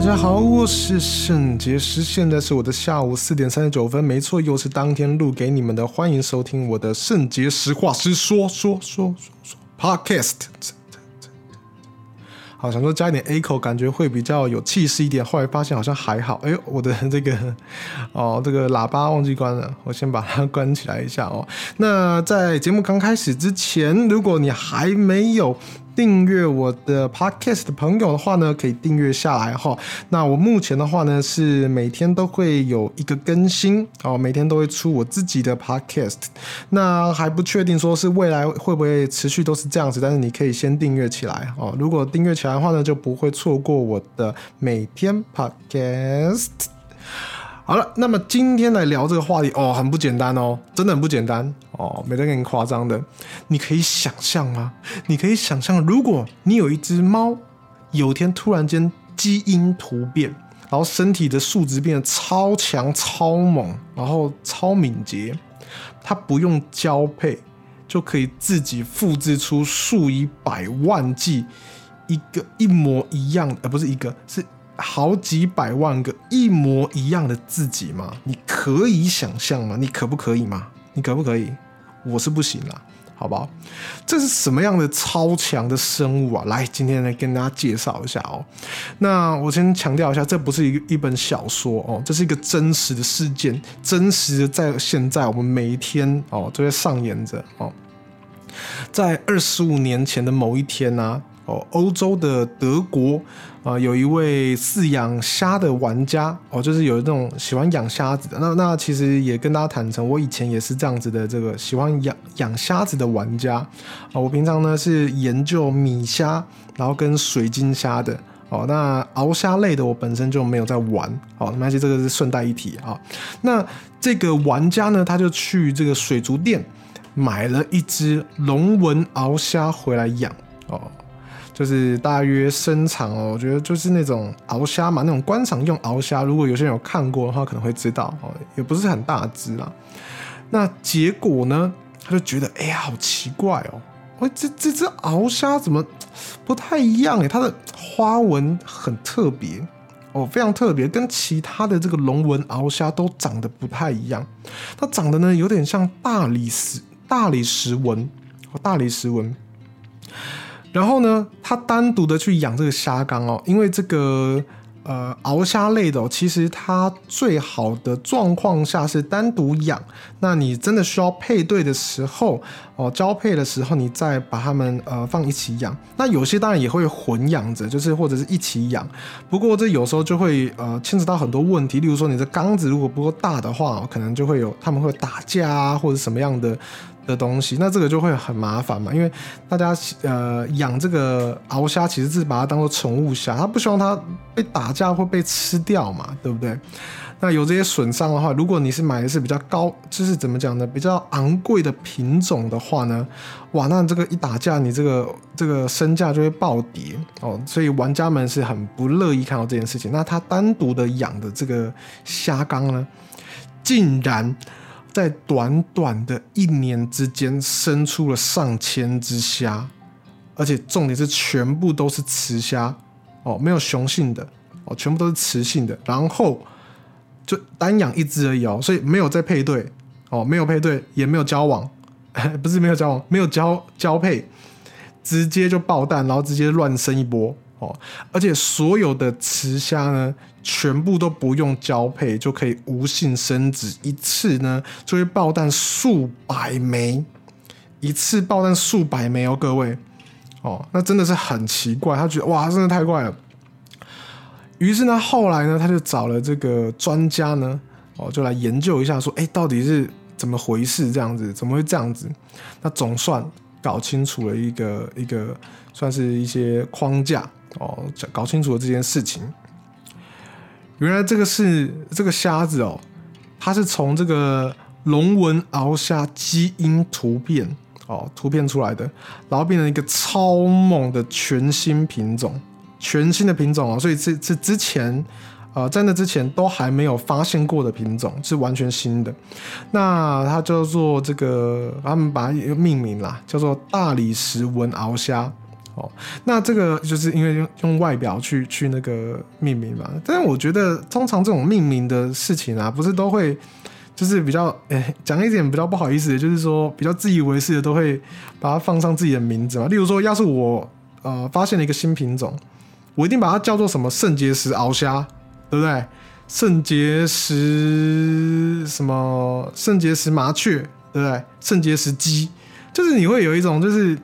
大家好，我是聖結石，現在是我的下午四點三十九分，沒錯，又是當天錄給你們的，歡迎收聽我的聖結石話實說說說說說 podcast。好，想說加一點 echo，感覺會比較有氣勢一點，後來發現好像還好。哎呦，我的這個哦，這個喇叭忘記關了，我先把它關起來一下哦。那在節目剛開始之前，如果你還沒有。訂閱我的 podcast 的朋友的話呢，可以訂閱下來齁。那我目前的話呢，是每天都會有一個更新哦，每天都會出我自己的 podcast。那還不確定說是未來會不會持續都是這樣子，但是你可以先訂閱起來哦。如果訂閱起來的話呢，就不會錯過我的每天 podcast。好了，那麼今天來聊這個話題哦，很不簡單哦，真的很不簡單哦，沒得跟你誇張的。你可以想象嗎？你可以想象，如果你有一隻貓，有一天突然間基因突變，然後身體的數值變得超強、超猛，然後超敏捷，它不用交配就可以自己複製出數以百萬計一個一模一樣，呃，不是一個是。好幾百萬個一模一樣的自己嗎？你可以想象嗎？你可不可以嗎？你可不可以？我是不行啦、啊，好不好？這是什麼樣的超強的生物啊？來，今天來跟大家介紹一下哦。那我先強調一下，這不是一一本小說哦，這是一個真實的事件，真實的在現在我們每一天哦都在上演着哦。在二十五年前的某一天呢、啊。歐洲的德國啊、呃，有一位飼養蝦的玩家哦，就是有一種喜歡養蝦子的。那那其實也跟大家坦誠，我以前也是這樣子的，這個喜歡養養蝦子的玩家啊、哦。我平常呢是研究米蝦，然後跟水晶蝦的哦。那鰲蝦類的我本身就沒有在玩哦。其實這個是順帶一提啊、哦。那這個玩家呢，他就去這個水族店買了一隻龍紋鰲蝦回來養哦。就是大約身長哦、喔，我覺得就是那種鰲蝦嘛，那種觀賞用鰲蝦。如果有些人有看過的話，可能會知道哦、喔，也不是很大只啦。那結果呢，他就覺得，哎、欸、呀，好奇怪哦、喔，喂、欸，這這只鰲蝦怎麼不太一樣、欸？它的花紋很特別哦、喔，非常特別，跟其他的這個龍紋鰲蝦都長得不太一樣。它長得呢，有點像大理石，大理石紋大理石紋。然後呢，它單獨的去養這個蝦缸哦，因為這個呃螯蝦類的哦，其實它最好的狀況下是單獨養。那你真的需要配對的時候哦、呃，交配的時候，你再把它們呃放一起養。那有些當然也會混養着，就是或者是一起養。不過這有時候就會呃牽扯到很多問題，例如說你的缸子如果不夠大的話、哦，可能就會有他們會打架啊，或者什麼樣的。的東西，那這個就會很麻煩嘛，因為大家呃養這個鰲蝦其實是把它當做寵物蝦，它不希望它被打架會被吃掉嘛，對不對？那有這些損傷的話，如果你是買的是比較高，就是怎麼講呢，比較昂貴的品種的話呢，哇，那這個一打架，你這個這個身價就會暴跌哦，所以玩家們是很不樂意看到這件事情。那他單獨的養的這個蝦缸呢，竟然，在短短的一年之間，生出了上千隻蝦，而且重點是全部都是雌蝦哦，沒有雄性的哦，全部都是雌性的。然後就單養一只而已哦，所以沒有在配對哦，沒有配對，也沒有交往， 不是沒有交往，沒有交交配，直接就爆蛋，然後直接亂生一波。哦，而且所有的雌蝦呢，全部都不用交配就可以無性生殖，一次呢就會爆蛋數百枚，一次爆蛋數百枚哦，各位，哦，那真的是很奇怪，他覺得哇，真的太怪了。於是呢，後來呢，他就找了這個專家呢，哦，就來研究一下，說，哎、欸，到底是怎麼回事？這樣子，怎麼會這樣子？那總算搞清楚了一個一個，算是一些框架。哦，搞清楚了這件事情。原來這個是這個蝦子哦，它是從這個龍紋鰲蝦基因突變哦，突變出來的，然後變成一個超猛的全新品種，全新的品種哦，所以是是之前，呃，在那之前都還沒有發現過的品種，是完全新的。那它叫做這個，他們把它一個命名啦，叫做大理石紋鰲蝦。哦，那這個就是因為用用外表去去那個命名嘛，但是我覺得通常這種命名的事情啊，不是都會就是比較哎講、欸、一點比較不好意思的，就是說比較自以為是的都會把它放上自己的名字嘛。例如說，要是我呃發現了一個新品種，我一定把它叫做什麼聖結石鰲蝦，對不對？聖結石什麼聖結石麻雀，對不對？聖結石雞，就是你會有一種就是。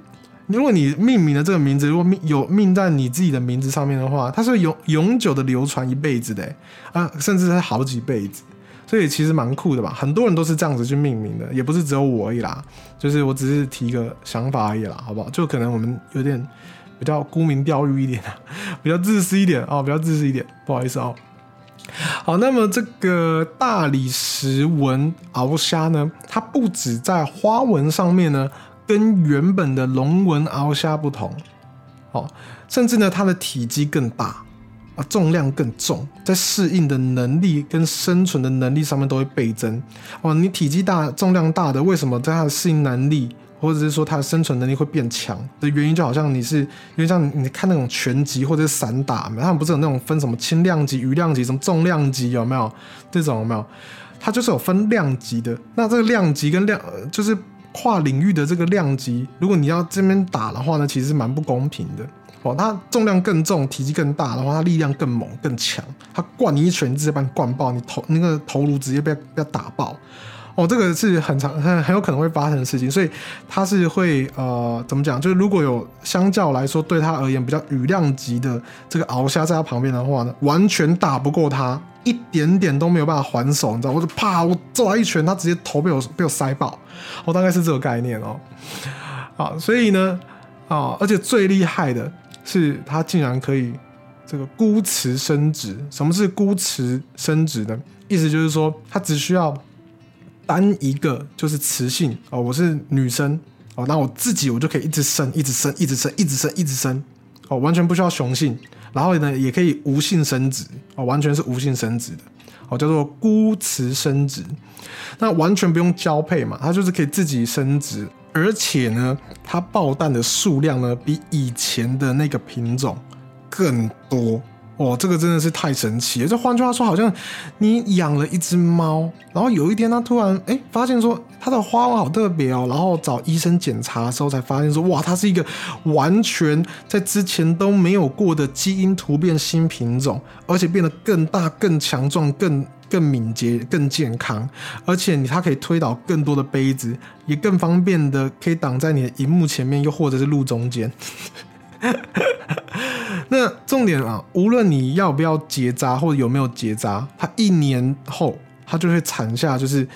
如果你命名的這個名字，如果命有命在你自己的名字上面的話，它是永永久的流傳一輩子的、欸、啊，甚至是好幾輩子，所以其實蠻酷的吧？很多人都是這樣子去命名的，也不是只有我而已啦，就是我只是提個想法而已啦，好不好？就可能我們有點比較沽名釣譽一點啊，比較自私一點哦，比較自私一點，不好意思哦。好，那麼這個大理石紋鰲蝦呢，它不只在花紋上面呢。跟原本的龍紋螯蝦不同，哦，甚至呢，它的體積更大，啊，重量更重，在適應的能力跟生存的能力上面都會倍增。哦，你體積大、重量大的，為什麼對它的適應能力或者是說它的生存能力會變強的原因，就好像你是，因為像你看那種拳擊或者是散打，他們不是有那種分什麼輕量級、羽量級、什麼重量級，有沒有這種？有沒有，它就是有分量級的。那這個量級跟量就是。跨領域的這個量級，如果你要這邊打的話呢，其實蠻不公平的哦。它重量更重，體積更大的話，然後它力量更猛更強，它灌你一拳，直接把你灌爆，你頭，你那個頭顱直接被被打爆哦。這個是很常很很有可能會發生的事情，所以它是會呃怎麼講？就是如果有相較來說，對它而言比較羽量級的這個鰲蝦在它旁邊的話呢，完全打不過它。一點點都沒有辦法還手，你知道？我就啪，我揍他一拳，他直接頭被我被我塞爆。我、哦、大概是這個概念哦。哦所以呢，啊、哦，而且最厲害的是，他竟然可以這個孤雌生殖。什麼是孤雌生殖呢？意思就是說，他只需要單一個就是雌性哦，我是女生哦，那我自己我就可以一直生，一直生，一直生，一直生，一直生哦，完全不需要雄性。然後呢，也可以無性生殖哦，完全是無性生殖的，哦，叫做孤雌生殖。那完全不用交配嘛，它就是可以自己生殖，而且呢，它抱蛋的數量呢比以前的那個品種更多。哇、哦，這個真的是太神奇了！這換句話說，好像你養了一隻貓，然後有一天它突然哎、欸、發現說它的花紋好特別哦，然後找醫生檢查的時候才發現說，哇，它是一個完全在之前都沒有過的基因突變新品種，而且變得更大、更強壯、更更敏捷、更健康，而且它可以推倒更多的杯子，也更方便的可以擋在你的螢幕前面，又或者是路中間。 那重點啊，無論你要不要結紮，或者有沒有結紮，它一年後它就會產下就是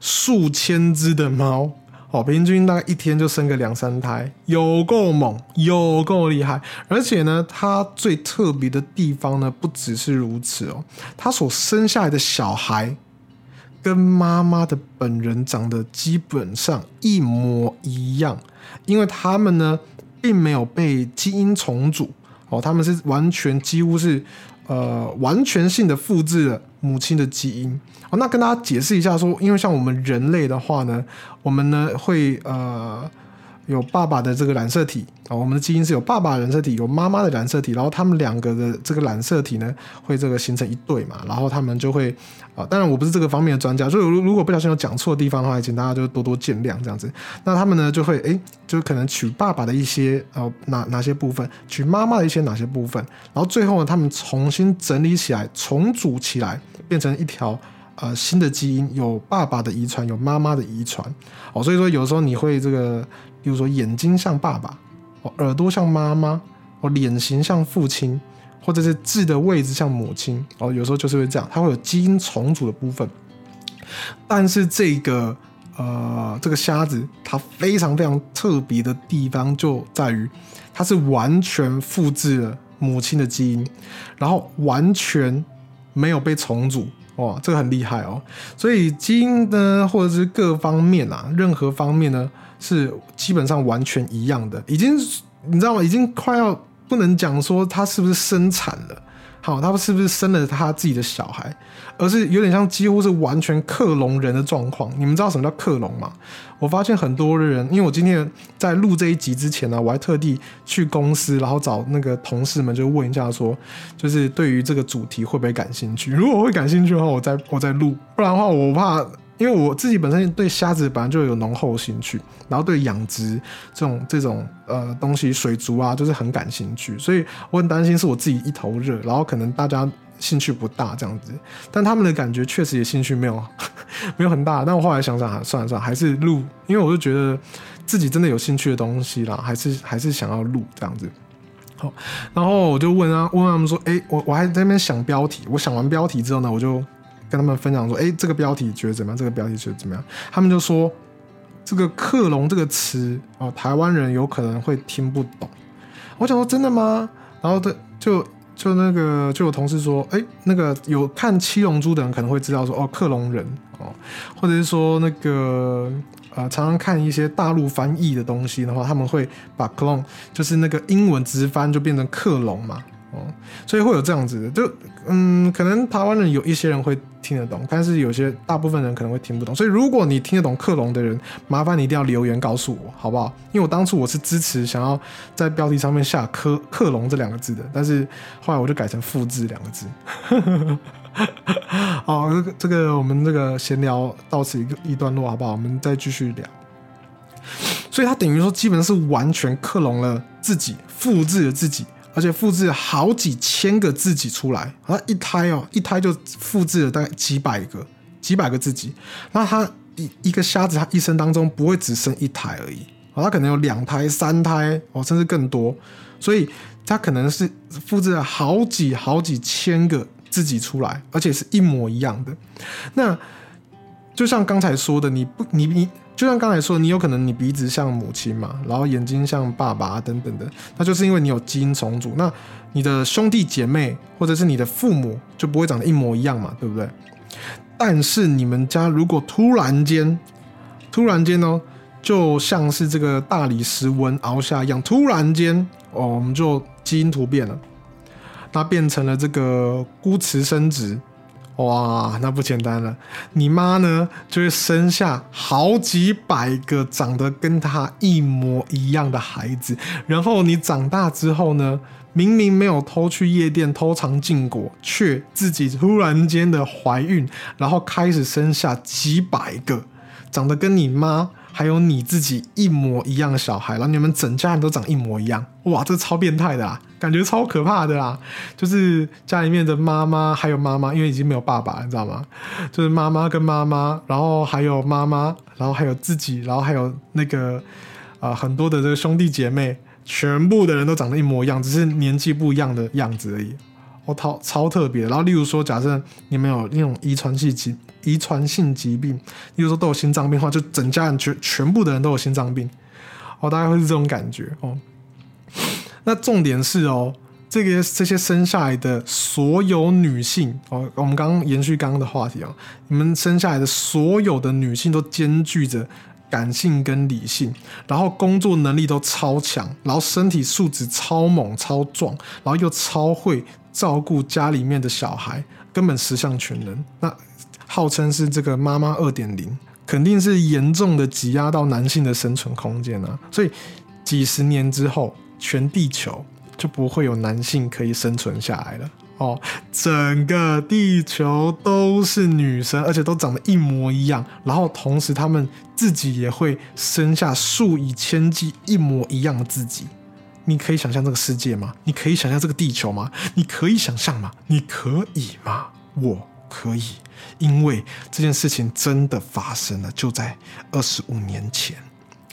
數千隻的貓，哦，平均大概一天就生個兩三胎，有夠猛，有夠厲害，而且呢，它最特別的地方呢，不只是如此哦，它所生下來的小孩跟媽媽的本人長得基本上一模一樣，因為他們呢。並沒有被基因重組哦，他們是完全幾乎是呃完全性的複製了母親的基因。哦，那跟大家解釋一下說，因為像我們人類的話呢，我們呢會呃。有爸爸的這個染色體啊、哦，我們的基因是有爸爸的染色體，有媽媽的染色體，然後他們兩個的這個染色體呢，會這個形成一對嘛，然後他們就會啊、哦，當然我不是這個方面的專家，所以如如果不小心有講錯的地方的話，請大家就多多見諒這樣子。那他們呢就會哎，就可能取爸爸的一些呃、哦、哪哪些部分，取媽媽的一些哪些部分，然後最後呢，他們重新整理起來，重組起來，變成一條呃新的基因，有爸爸的遺傳，有媽媽的遺傳哦，所以說有時候你會這個。比如說眼睛像爸爸，耳朵像媽媽，臉型像父親，或者是痣的位置像母親，哦，有時候就是會這樣，它會有基因重組的部分。但是這個呃這個蝦子，它非常非常特別的地方就在於，它是完全複製了母親的基因，然後完全沒有被重組，哇，這個很厲害哦。所以基因呢，或者是各方面啊，任何方面呢。是基本上完全一樣的，已經你知道嗎？已經快要不能講說他是不是生產了，好，他是不是生了他自己的小孩，而是有點像幾乎是完全克隆人的狀況。你們知道什麼叫克隆嗎？我發現很多人，因為我今天在錄這一集之前呢、啊，我還特地去公司，然後找那個同事們就問一下說，說就是對於這個主題會不會感興趣？如果會感興趣的話，我再我再錄，不然的話我怕。因為我自己本身對蝦子本來就有濃厚的興趣，然後對養殖這種這種呃東西、水族啊，就是很感興趣，所以我很擔心是我自己一頭熱，然後可能大家興趣不大這樣子。但他們的感覺確實也興趣沒有呵呵沒有很大，但我後來想想算了算了，還是錄，因為我就覺得自己真的有興趣的東西啦，還是還是想要錄這樣子。好，然後我就問啊問他們說，誒，我我還在那邊想標題，我想完標題之後呢，我就。跟他們分享說，誒，這個標題覺得怎麼樣？這個標題覺得怎麼樣？他們就說，這個“克隆”這個詞哦，台灣人有可能會聽不懂。我想說，真的嗎？然後他就就那個就有同事說，誒，那個有看《七龍珠》的人可能會知道說，哦，克隆人哦，或者是說那個啊、呃，常常看一些大陸翻譯的東西的話，他們會把 clone 就是那個英文直翻就變成“克隆”嘛。哦、嗯，所以會有這樣子的，就嗯，可能台灣人有一些人會聽得懂，但是有些大部分人可能會聽不懂。所以如果你聽得懂克隆的人，麻煩你一定要留言告訴我，好不好？因為我當初我是支持想要在標題上面下“克克隆”這兩個字的，但是後來我就改成“複製”兩個字。 好，這個我們這個閒聊到此一個一段落，好不好？我們再繼續聊。所以他等於說，基本上是完全克隆了自己，複製了自己。而且複製好幾千個自己出來，啊，一胎哦、喔，一胎就複製了大概幾百個、幾百個自己。那他一一個蝦子，他一生當中不會只生一胎而已，他可能有兩胎、三胎，哦、喔，甚至更多。所以他可能是複製了好幾、好幾千個自己出來，而且是一模一樣的。那就像剛才說的，你不，你你。就像剛才說，你有可能你鼻子像母親嘛，然後眼睛像爸爸、啊、等等等，那就是因為你有基因重組。那你的兄弟姐妹或者是你的父母就不會長得一模一樣嘛，對不對？但是你們家如果突然間，突然間哦，就像是這個大理石紋螯蝦一樣，突然間哦，我們就基因突變了，那變成了這個孤雌生殖。哇，那不簡單了。你媽呢，就會生下好幾百個長得跟她一模一樣的孩子。然後你長大之後呢，明明沒有偷去夜店偷嘗禁果，卻自己突然間的懷孕，然後開始生下幾百個長得跟你媽。還有你自己一模一樣的小孩，然後你們整家人都長一模一樣，哇，這超變態的啊，感覺超可怕的啦，就是家裡面的媽媽，還有媽媽，因為已經沒有爸爸了，你知道嗎？就是媽媽跟媽媽，然後還有媽媽，然後還有自己，然後還有那個，啊、呃，很多的這個兄弟姐妹，全部的人都長得一模一樣，只是年紀不一樣的樣子而已。我超、哦、超特別。然後，例如說，假設你們有那種遺傳性疾遺傳性疾病，例如說都有心臟病的話，就整家人全全部的人都有心臟病。哦，大概會是這種感覺哦。那重點是哦，這個這些生下來的所有女性哦，我們剛剛延續剛剛的話題哦，你們生下來的所有的女性都兼具着感性跟理性，然後工作能力都超強，然後身體素質超猛、超壯，然後又超會。照顧家裡面的小孩，根本十項全能。那號稱是這個媽媽二點零，肯定是嚴重的擠壓到男性的生存空間啊！所以幾十年之後，全地球就不會有男性可以生存下來了。哦，整個地球都是女生，而且都長得一模一樣，然後同時他們自己也會生下數以千計一模一樣的自己。你可以想象這個世界嗎？你可以想象這個地球嗎？你可以想象嗎？你可以嗎？我可以，因為這件事情真的發生了，就在二十五年前。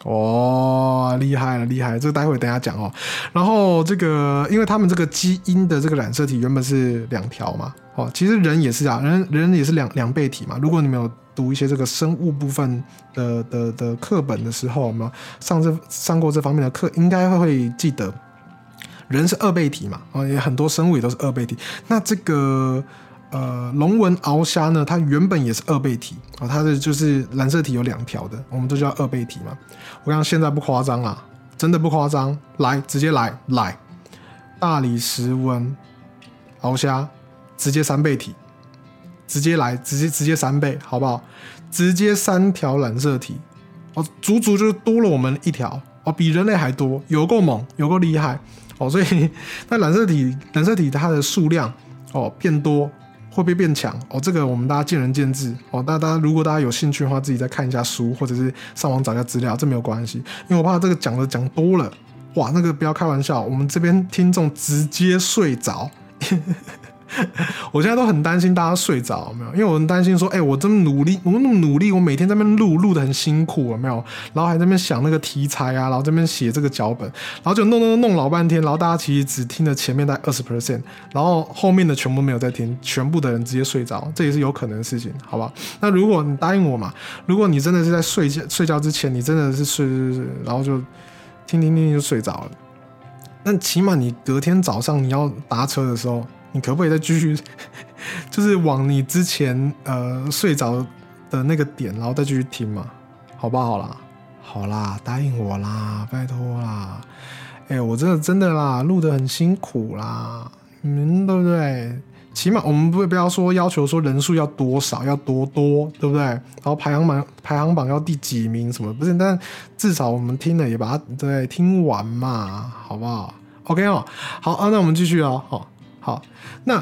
哇、哦，厲害了，厲害了！這個待會兒等一下講哦。然後這個，因為他們這個基因的這個染色體原本是兩條嘛，哦，其實人也是啊，人人也是兩兩倍體嘛。如果你沒有。讀一些這個生物部分的的的課本的時候有有，我們上這上過這方面的課，應該會記得人是二倍體嘛，啊，也很多生物也都是二倍體。那這個呃龍紋螯蝦呢，它原本也是二倍體啊，它的就是染色體有兩條的，我們都叫二倍體嘛。我想現在不誇張啊，真的不誇張，來直接來來，大理石紋螯蝦直接三倍體。直接來，直接直接三倍，好不好？直接三條染色體，哦，足足就是多了我們一條，哦，比人類還多，有夠猛，有夠厲害，哦，所以那染色體，染色體它的數量，哦，變多會不會變強？哦，這個我們大家見仁見智，哦，大家如果大家有興趣的話，自己再看一下書或者是上網找一下資料，這沒有關係，因為我怕這個講的講多了，哇，那個不要開玩笑，我們這邊聽眾直接睡着。 我現在都很擔心大家睡着沒有，因為我很擔心說，哎、欸，我這麼努力，我那麼努力，我每天在那邊錄錄得很辛苦有沒有，然後還在那邊想那個題材啊，然後這邊寫這個腳本，然後就弄弄弄老半天，然後大家其實只聽了前面大概二十 percent，然後後面的全部沒有在聽，全部的人直接睡着，這也是有可能的事情，好不好？那如果你答應我嘛，如果你真的是在睡覺睡覺之前，你真的是睡睡、就、睡、是，然後就聽聽聽就睡着了，那起碼你隔天早上你要搭車的時候。你可不可以再繼續，就是往你之前呃睡着的那個點，然後再繼續聽嘛？好不好啦，好啦，答應我啦，拜託啦！哎、欸，我這真，真的啦，錄得很辛苦啦，嗯，對不對？起碼我們不會不要說要求說人數要多少，要多多，對不對？然後排行榜排行榜要第幾名什麼的不是？但至少我們聽了也把它對聽完嘛，好不好？OK 哦，好啊，那我們繼續啊，好、哦。好，那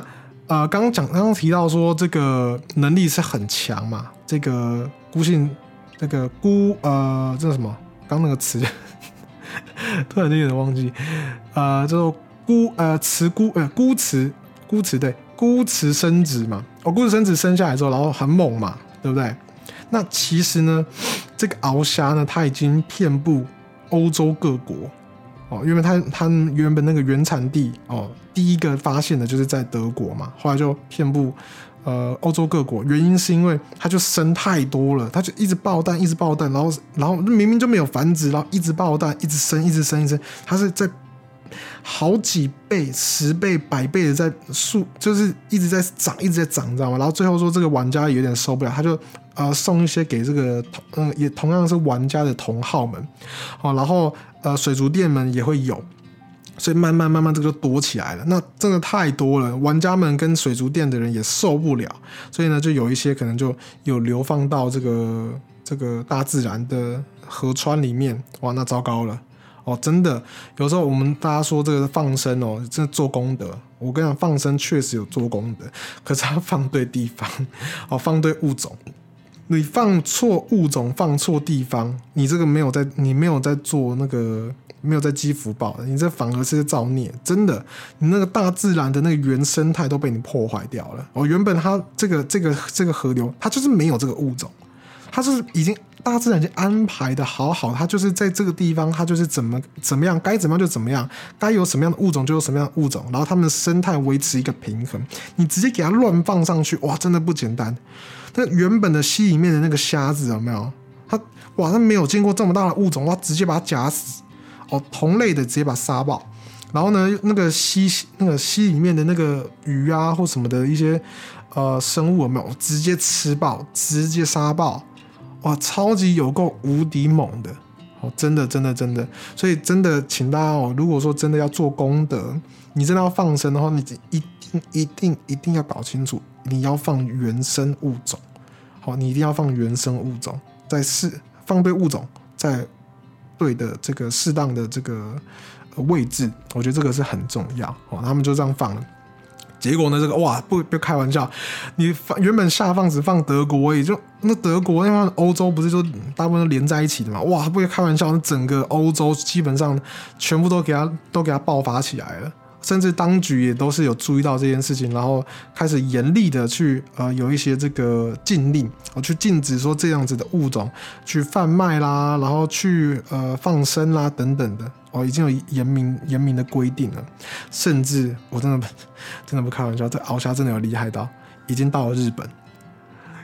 呃，剛剛講，剛剛提到說這個能力是很強嘛，這個孤性，這個孤呃，這個、什麼？剛那個詞，呵呵突然間有點忘記，呃，叫做孤呃雌孤呃孤雌孤雌對，孤雌生子嘛，哦，孤雌生子生下來之後，然後很猛嘛，對不對？那其實呢，這個鰲蝦呢，它已經遍布歐洲各國。哦，因為它它原本那個原產地哦，第一個發現的就是在德國嘛，後來就遍布，呃，歐洲各國。原因是因為它就生太多了，它就一直爆蛋，一直爆蛋，然後然後明明就沒有繁殖，然後一直爆蛋，一直生，一直生，一直它是在好幾倍、十倍、百倍的在數，就是一直在漲，一直在漲，你知道嗎？然後最後說這個玩家也有點受不了，他就。啊、呃，送一些給這個，嗯、呃，也同樣是玩家的同好們，哦，然後呃，水族店們也會有，所以慢慢慢慢這個就多起來了。那真的太多了，玩家們跟水族店的人也受不了，所以呢，就有一些可能就有流放到這個這個大自然的河川裡面。哇，那糟糕了，哦，真的，有時候我們大家說這個放生哦，真的做功德。我跟你講，放生確實有做功德，可是它放對地方，哦，放對物種。你放錯物種，放錯地方，你這個沒有在，你沒有在做那個，沒有在積福報的，你這反而是在造孽。真的，你那個大自然的那個原生態都被你破壞掉了。哦，原本它這個、這個、這個河流，它就是沒有這個物種，它就是已經大自然已經安排的好好，它就是在這個地方，它就是怎麼怎麼樣，該怎麼樣就怎麼樣，該有什麼樣的物種就有什麼樣的物種，然後它們的生態維持一個平衡。你直接給它亂放上去，哇，真的不簡單。那原本的溪裡面的那個蝦子有沒有？它哇，它沒有見過這麼大的物種，哇，直接把它夾死。哦，同類的直接把它殺爆。然後呢，那個溪那個溪裡面的那個魚啊或什麼的一些呃生物有沒有？直接吃爆，直接殺爆。哇，超級有夠無敵猛的。哦，真的真的真的。所以真的，請大家哦，如果說真的要做功德，你真的要放生的話，你一。一定一定要搞清楚，你要放原生物種，好，你一定要放原生物種，在適放對物種，在對的這個適當的這個位置，我覺得這個是很重要。哦，他們就這樣放，結果呢，這個哇，不不開玩笑，你放原本下放只放德國而已，也就那德國那歐洲不是說大部分都連在一起的嘛，哇，不開玩笑，那整個歐洲基本上全部都給他都給他爆發起來了。甚至當局也都是有注意到這件事情，然後開始嚴厲的去呃，有一些這個禁令哦，去禁止說這樣子的物種去販賣啦，然後去呃放生啦等等的哦，已經有嚴明嚴明的規定了。甚至我真的真的不開玩笑，這螯蝦真的有厲害到已經到了日本，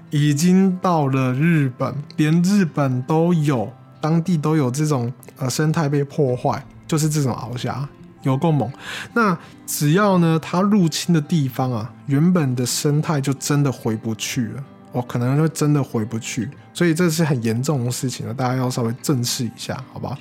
已經到了日本，連日本都有當地都有這種呃生態被破壞，就是這種螯蝦。有夠猛，那只要呢，它入侵的地方啊，原本的生態就真的回不去了，哦，可能就真的回不去，所以這是很嚴重的事情了，大家要稍微正視一下，好吧？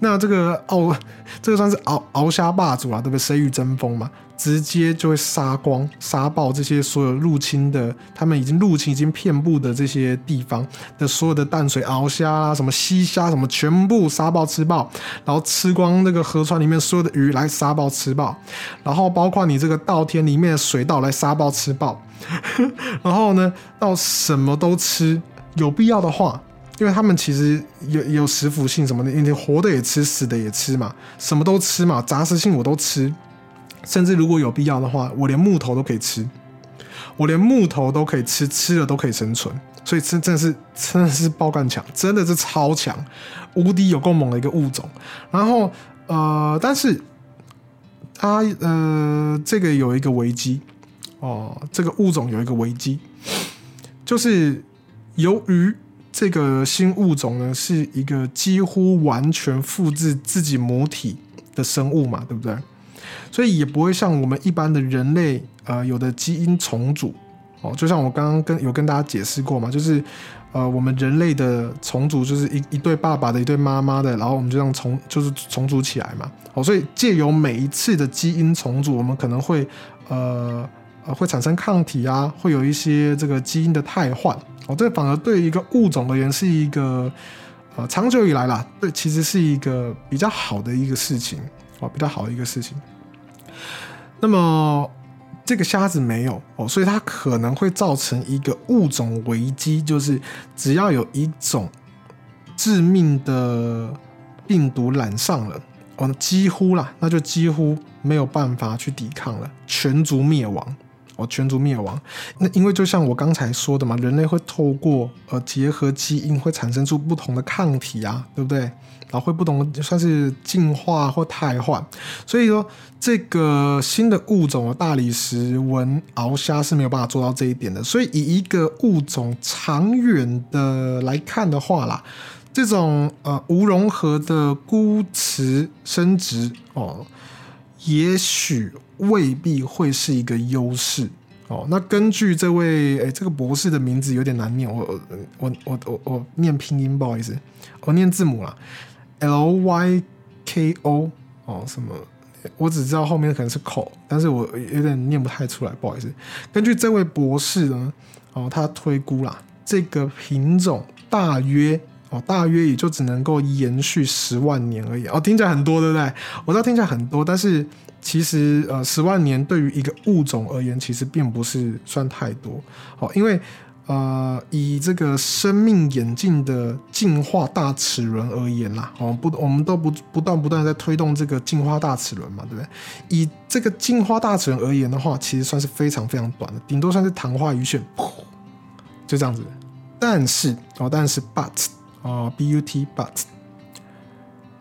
那這個螯、哦，這個算是螯螯蝦霸主啊，對不對？誰與爭鋒嘛？直接就會殺光、殺爆這些所有入侵的，他們已經入侵、已經遍佈的這些地方的所有的淡水鰲蝦啊，什麼溪蝦什麼，全部殺爆吃爆，然後吃光那個河川裡面所有的魚來殺爆吃爆，然後包括你這個稻田裡面的水稻來殺爆吃爆， 然後呢，到什麼都吃，有必要的話，因為他們其實有有食腐性什麼的，你活的也吃，死的也吃嘛，什麼都吃嘛，雜食性我都吃。甚至如果有必要的話，我連木頭都可以吃，我連木頭都可以吃，吃了都可以生存，所以這真的是真的是爆幹強，真的是超強無敵有夠猛的一個物種。然後呃，但是它、啊、呃，這個有一個危機哦、呃，這個物種有一個危機，就是由於這個新物種呢是一個幾乎完全複製自己母體的生物嘛，對不對？所以也不會像我們一般的人類，呃，有的基因重組，哦，就像我剛剛跟有跟大家解釋過嘛，就是，呃，我們人類的重組就是一一對爸爸的一對媽媽的，然後我們就這樣重就是重組起來嘛，哦，所以借由每一次的基因重組，我們可能會呃，呃，會產生抗體啊，會有一些這個基因的替換，哦，這反而對一個物種而言是一個，呃，長久以來啦，這其實是一個比較好的一個事情，哦，比較好的一個事情。那麼這個蝦子沒有哦，所以它可能會造成一個物種危機，就是只要有一種致命的病毒染上了哦，幾乎啦，那就幾乎沒有辦法去抵抗了，全族滅亡哦，全族滅亡。那因為就像我剛才說的嘛，人類會透過呃結合基因，會產生出不同的抗體啊，對不對？啊，會不懂算是進化或退化，所以說，這個新的物種大理石紋螯蝦是沒有辦法做到這一點的。所以以一個物種長遠的來看的話啦，這種呃無融合的孤雌生殖哦，也許未必會是一個優勢哦。那根據這位哎，這個博士的名字有點難念，我我我我我念拼音，不好意思，我念字母啦。L Y K O 哦，什麼？我只知道後面可能是口，但是我有點念不太出來，不好意思。根據這位博士呢，哦，他推估啦，這個品種大約哦，大約也就只能夠延續十萬年而已。哦，聽起來很多，對不對？我知道聽起來很多，但是其實呃，十萬年對於一個物種而言，其實並不是算太多。哦，因為。呃，以這個生命演進的進化大齒輪而言啦，啊，哦不，我們都不不斷不斷在推動這個進化大齒輪嘛，對不對？以這個進化大齒輪而言的話，其實算是非常非常短的，頂多算是曇花一現，噗，就這樣子。但是哦，但是 but 啊，哦，b u t but，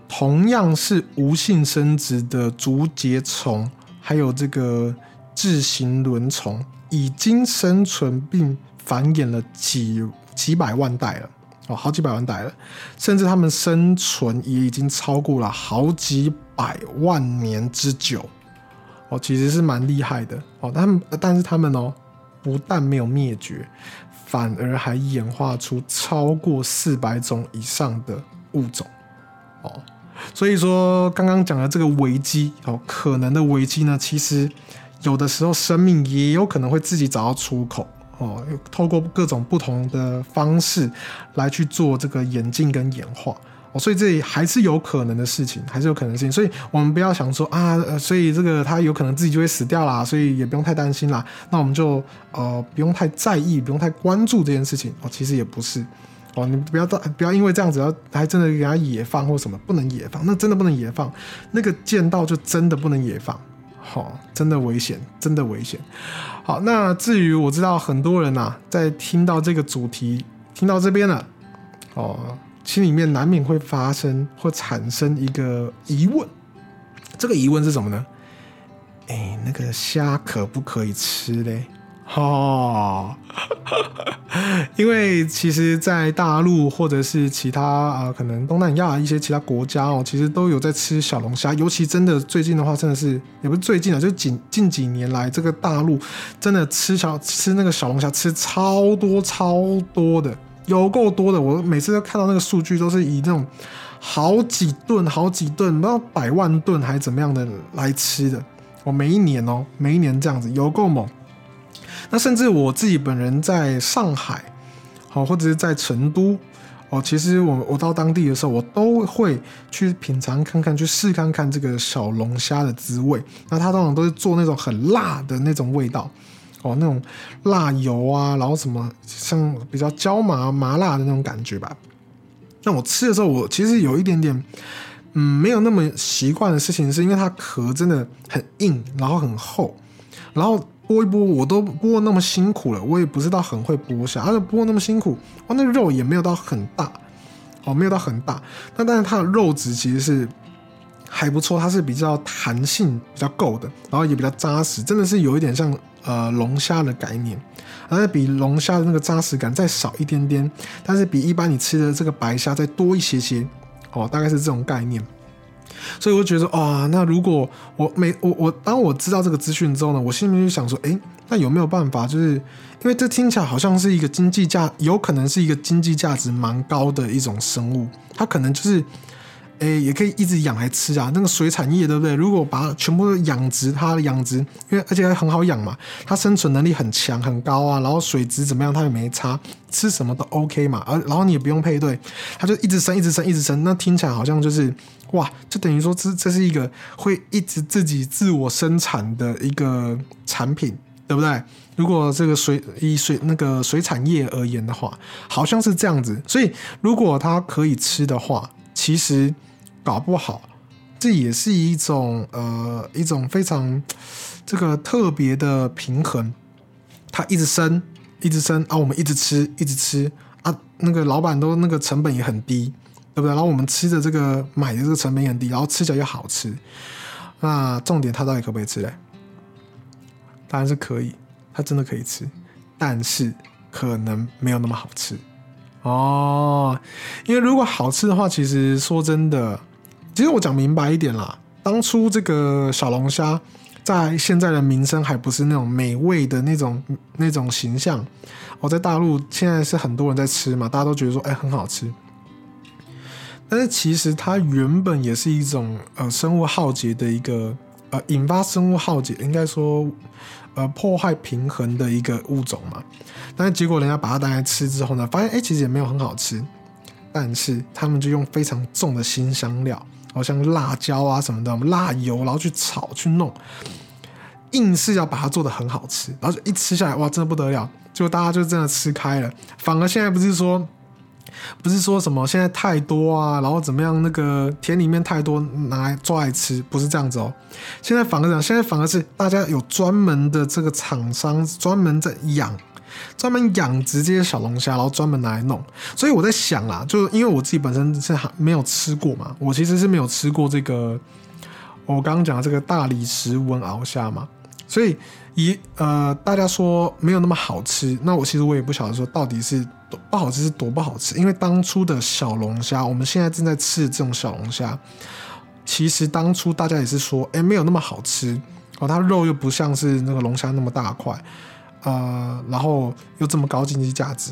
同樣是無性生殖的竹節蟲，還有這個蛭形輪蟲，已經生存並繁衍了幾幾百萬代了哦，好幾百萬代了，甚至他們生存也已經超過了好幾百萬年之久哦，其實是蠻厲害的哦。但他們但是他們哦，不但沒有滅絕，反而還演化出超過四百種以上的物種哦。所以說，剛剛講的這個危機哦，可能的危機呢，其實有的時候生命也有可能會自己找到出口。哦，透過各種不同的方式來去做這個演進跟演化哦，所以這裡還是有可能的事情，還是有可能性，所以我們不要想說啊，呃，所以這個他有可能自己就會死掉啦，所以也不用太擔心啦。那我們就呃不用太在意，不用太關注這件事情哦。其實也不是哦，你不要到不要因為這樣子要還真的給他野放或什麼，不能野放，那真的不能野放，那個劍道就真的不能野放。好、哦，真的危險，真的危險。好，那至於我知道很多人吶、啊，在聽到這個主題，聽到這邊了，哦，心裡面難免會發生或產生一個疑問，這個疑問是什麼呢？哎、欸，那個蝦可不可以吃嘞？哦，因為其實，在大陸或者是其他啊、呃，可能東南亞一些其他國家哦，其實都有在吃小龍蝦。尤其真的最近的話，真的是也不是最近啊，就近近幾年來，這個大陸真的吃小吃那個小龍蝦吃超多超多的，有夠多的。我每次都看到那個數據，都是以那種好幾噸好幾噸，不知道百萬噸還是怎麼樣的來吃的。我每一年哦，每一年這樣子有夠猛。那甚至我自己本人在上海，好或者是在成都，哦，其實我我到當地的時候，我都會去品嘗看看，去試看看這個小龍蝦的滋味。那它通常都是做那種很辣的那種味道，哦，那種辣油啊，然後什麼像比較椒麻麻辣的那種感覺吧。那我吃的時候，我其實有一點點，嗯，沒有那麼習慣的事情，是因為它殼真的很硬，然後很厚，然後。剝一剝，我都剝那麼辛苦了，我也不知道很會剝蝦，而且剝那麼辛苦，哦，那肉也沒有到很大，哦，沒有到很大，但但是它的肉質其實是還不錯，它是比較彈性比較夠的，然後也比較扎實，真的是有一點像呃龍蝦的概念，而且比龍蝦的那個扎實感再少一點點，但是比一般你吃的這個白蝦再多一些些，哦，大概是這種概念。所以我覺得，哇、哦，那如果我沒我我當我知道這個資訊之後呢，我心裡面就想說，哎，那有沒有辦法？就是因為這聽起來好像是一個經濟價，有可能是一個經濟價值蠻高的一種生物，它可能就是。欸，也可以一直養來吃啊，那個水產業，對不對？如果把它全部養殖，它養殖，因為而且它很好養嘛，它生存能力很強很高啊，然後水質怎麼樣它也沒差，吃什麼都 OK 嘛。而然後你也不用配對，它就一直生，一直生，一直生。那聽起來好像就是哇，就等於說這這是一個會一直自己自我生產的一個產品，對不對？如果這個水以水那個水產業而言的話，好像是這樣子。所以如果它可以吃的話。其實，搞不好，這也是一種呃一種非常這個特別的平衡。它一直生，一直生啊，我們一直吃，一直吃啊，那個老闆都那個成本也很低，對不對？然後我們吃的這個買的這個成本也很低，然後吃起來又好吃。那重點，它到底可不可以吃呢？當然是可以，它真的可以吃，但是可能沒有那麼好吃。哦，因為如果好吃的話，其實說真的，其實我講明白一點啦。當初這個小龍蝦，在現在的名聲還不是那種美味的那種那種形象。我、哦、在大陸現在是很多人在吃嘛，大家都覺得說哎、欸、很好吃，但是其實它原本也是一種呃生物浩劫的一個呃引發生物浩劫，應該說。呃，破壞平衡的一個物種嘛，但是結果人家把它拿來吃之後呢，發現哎、欸，其實也沒有很好吃，但是他們就用非常重的辛香料，好像辣椒啊什麼的辣油，然後去炒去弄，硬是要把它做得很好吃，然後就一吃下來哇，真的不得了，就大家就真的吃開了，反而現在不是說。不是說什麼現在太多啊，然後怎麼樣？那個田裡面太多拿來抓來吃，不是這樣子哦、喔。現在反而這樣。現在反而是大家有專門的這個廠商專門在養，專門養殖這些小龍蝦，然後專門拿來弄。所以我在想啊，就因為我自己本身是沒有吃過嘛，我其實是沒有吃過這個我剛剛講的這個大理石紋鰲蝦嘛。所以一呃，大家說沒有那麼好吃，那我其實我也不曉得說到底是。不好吃是多不好吃，因為當初的小龍蝦，我們現在正在吃的這種小龍蝦，其實當初大家也是說，哎，沒有那麼好吃，哦，它肉又不像是那個龍蝦那麼大塊，啊、呃，然後又這麼高經濟價值，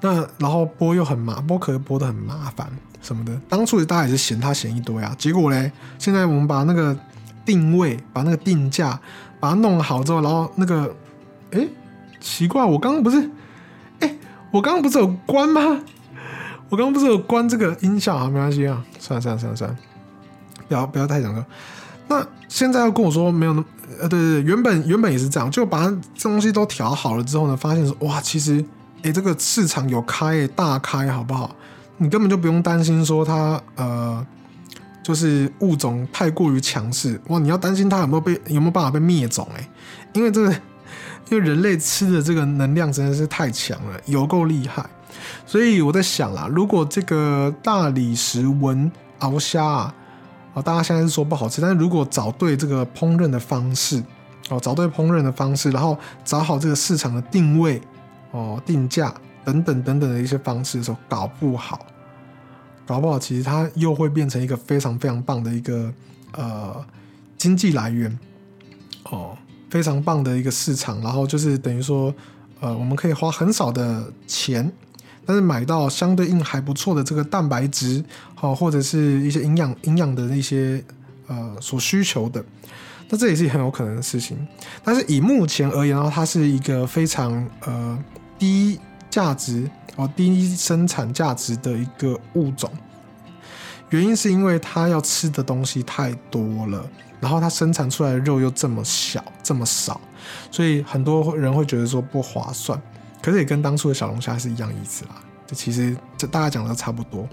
那然後剝又很麻，可很麻煩，剝殼剝的很麻煩什麼的，當初大家也是嫌它嫌一堆啊，結果嘞，現在我們把那個定位，把那個定價，把它弄好之後，然後那個，哎，奇怪，我剛剛不是。我剛剛不是有關嗎？我剛剛不是有關這個音效啊？沒關係啊，算了算了算了算了，不要不要太講了。那現在要跟我說沒有那……呃，對對，對，原本原本也是這樣，就把這東西都調好了之後呢，發現說哇，其實誒、欸，這個市場有開、欸、大開，好不好？你根本就不用擔心說它呃，就是物種太過於強勢哇，你要擔心它有沒有被有沒有辦法被滅種誒、欸，因為這個。因為人類吃的這個能量真的是太強了，有夠厲害，所以我在想啦、啊，如果這個大理石紋鰲蝦啊、哦，大家現在是說不好吃，但是如果找對這個烹飪的方式，哦，找對烹飪的方式，然後找好這個市場的定位，哦，定價等等等等的一些方式的時候，搞不好，搞不好其實它又會變成一個非常非常棒的一個呃經濟來源，哦。非常棒的一個市場，然後就是等於說，呃，我們可以花很少的錢，但是買到相對應還不錯的這個蛋白質，好、哦、或者是一些營養營養的一些呃所需求的，那這也是很有可能的事情。但是以目前而言的話，呢，它是一個非常呃低價值哦低生產價值的一個物種。原因是因為他要吃的東西太多了，然後他生產出來的肉又這麼小這麼少，所以很多人會覺得說不划算。可是也跟當初的小龍蝦是一樣意思啦，這其實這大家講的差不多。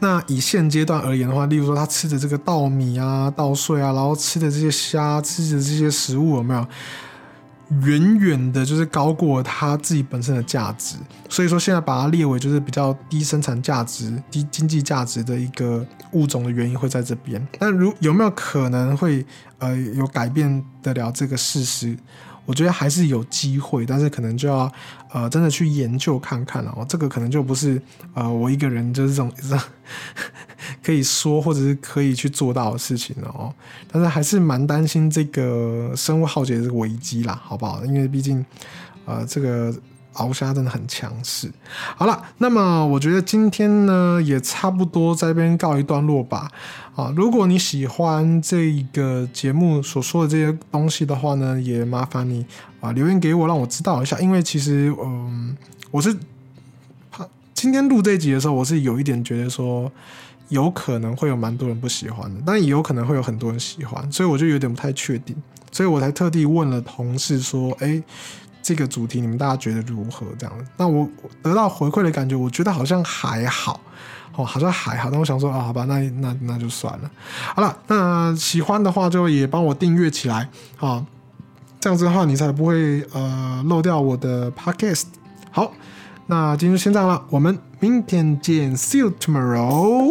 那以現階段而言的話，例如說他吃的這個稻米啊、稻穗啊，然後吃的這些蝦、吃的這些食物有沒有？遠遠的，就是高過它自己本身的價值，所以說現在把它列為就是比較低生產價值、低經濟價值的一個物種的原因會在這邊。那如有沒有可能會呃有改變得了這個事實？我覺得還是有機會，但是可能就要，呃，真的去研究看看了。哦，這個可能就不是呃我一個人就是這種是、啊，可以說或者是可以去做到的事情了、喔、哦。但是還是蠻擔心這個生物浩劫的這個危機啦，好不好？因為畢竟，呃這個。鰲蝦真的很強勢。好了，那麼我覺得今天呢也差不多在這邊告一段落吧。啊，如果你喜歡這一個節目所說的這些東西的話呢，也麻煩你啊留言給我，讓我知道一下。因為其實，嗯，我是怕今天錄這一集的時候，我是有一點覺得說有可能會有蠻多人不喜歡的，但也有可能會有很多人喜歡，所以我就有點不太確定，所以我才特地問了同事說，誒、欸……這個主題你們大家覺得如何？這樣，那我得到回饋的感覺，我覺得好像還好，哦，好像還好。但我想說啊，好吧，那那那就算了。好了，那喜歡的話就也幫我訂閱起來，啊、哦。這樣子的話你才不會呃漏掉我的 podcast。好，那今天就先這樣了，我們明天見，See you tomorrow。